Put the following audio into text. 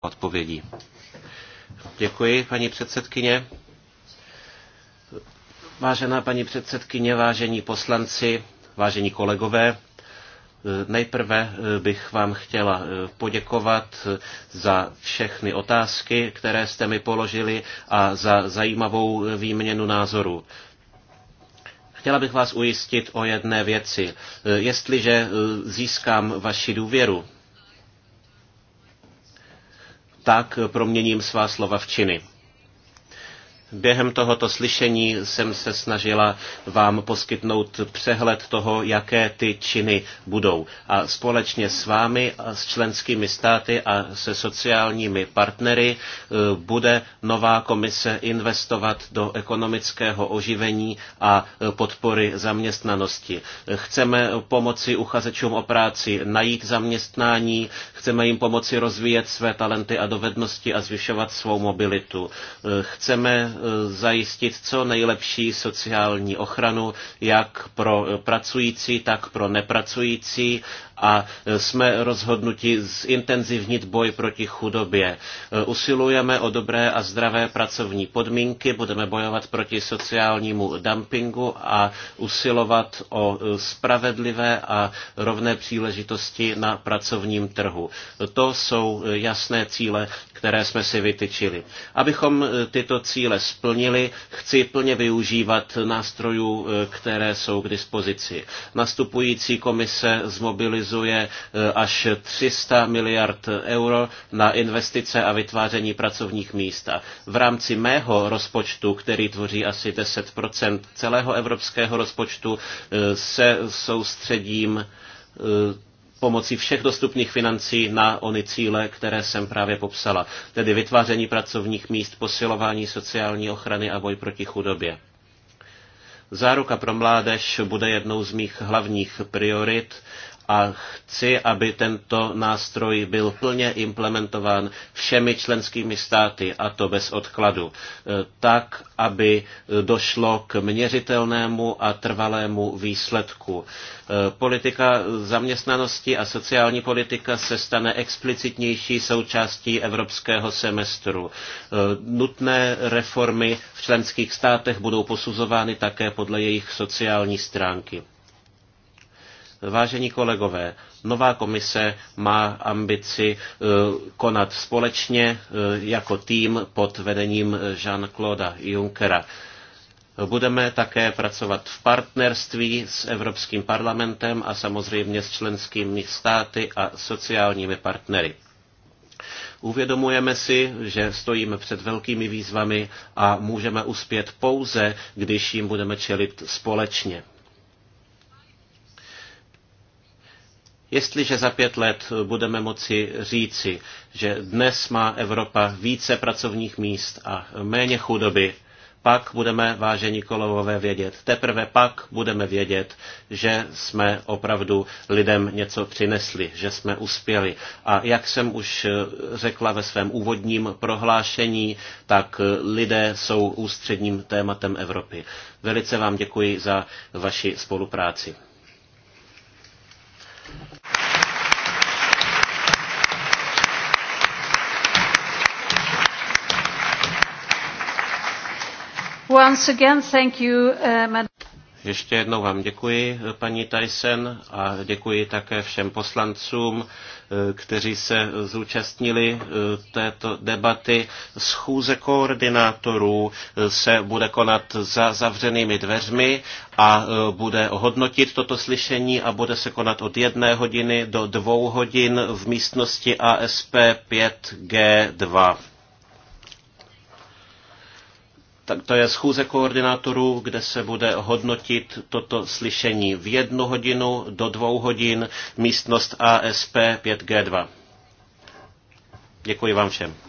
odpovědí. Děkuji, paní předsedkyně. Vážená paní předsedkyně, vážení poslanci, vážení kolegové, Nejprve bych vám chtěla poděkovat za všechny otázky, které jste mi položili a za zajímavou výměnu názorů. Chtěla bych vás ujistit o jedné věci. Jestliže získám vaši důvěru, tak proměním svá slova v činy. Během tohoto slyšení jsem se snažila vám poskytnout přehled toho, jaké ty činy budou. A společně s vámi, s členskými státy a se sociálními partnery e, bude nová komise investovat do ekonomického oživení a e, podpory zaměstnanosti. Chceme pomoci uchazečům o práci najít zaměstnání, chceme jim pomoci rozvíjet své talenty a dovednosti a zvyšovat svou mobilitu. E, chceme Eh, zajistit co nejlepší sociální ochranu jak pro pracující, tak pro nepracující a e, jsme rozhodnuti zintenzivnit boj proti chudobě. E, usilujeme o dobré a zdravé pracovní podmínky, budeme bojovat proti sociálnímu dumpingu a usilovat o e, spravedlivé a rovné příležitosti na pracovním trhu. To jsou jasné cíle, které jsme si vytyčili. Abychom tyto cíle splnili, chci plně využívat nástrojů, které jsou k dispozici. Nastupující komise zmobilizuje mobilizuje eh, až 300 miliard euro na investice a vytváření pracovních míst. A v rámci mého rozpočtu, který tvoří asi 10 celého evropského rozpočtu, eh, se soustředím eh, pomocí všech dostupných financí na ony cíle, které jsem právě popsala, tedy vytváření pracovních míst, posilování sociální ochrany a boj proti chudobě. Záruka pro mládež bude jednou z mých hlavních priorit a chci, aby tento nástroj byl plně implementován všemi členskými státy, a to bez odkladu, e, tak, aby došlo k měřitelnému a trvalému výsledku. E, politika zaměstnanosti a sociální politika se stane explicitnější součástí evropského semestru. E, nutné reformy v členských státech budou posuzovány také podle jejich sociální stránky. Vážení kolegové, nová komise má ambici eh, konat společně eh, jako tým pod vedením Jean-Claude Junckera. Budeme také pracovat v partnerství s Evropským parlamentem a samozřejmě s členskými státy a sociálními partnery. Uvědomujeme si, že stojíme před velkými výzvami a můžeme uspět pouze, když jim budeme čelit společně. Jestliže za pět let budeme moci říci, že dnes má Evropa více pracovních míst a méně chudoby, pak budeme, vážení kolegové, vědět. Teprve pak budeme vědět, že jsme opravdu lidem něco přinesli, že jsme uspěli. A jak jsem už řekla ve svém úvodním prohlášení, tak lidé jsou ústředním tématem Evropy. Velice vám děkuji za vaši spolupráci. Once again, thank you, uh, ještě jednou vám děkuji, paní Tyson, a děkuji také všem poslancům, uh, kteří se zúčastnili uh, této debaty. Schůze koordinátorů uh, se bude konat za zavřenými dveřmi a bude hodnotit toto slyšení a bude se konat od jedné hodiny do dvou hodin v místnosti ASP 5G2 tak to je schůze koordinátorů, kde se bude hodnotit toto slyšení v jednu hodinu do dvou hodin místnost ASP 5G2. Děkuji vám všem.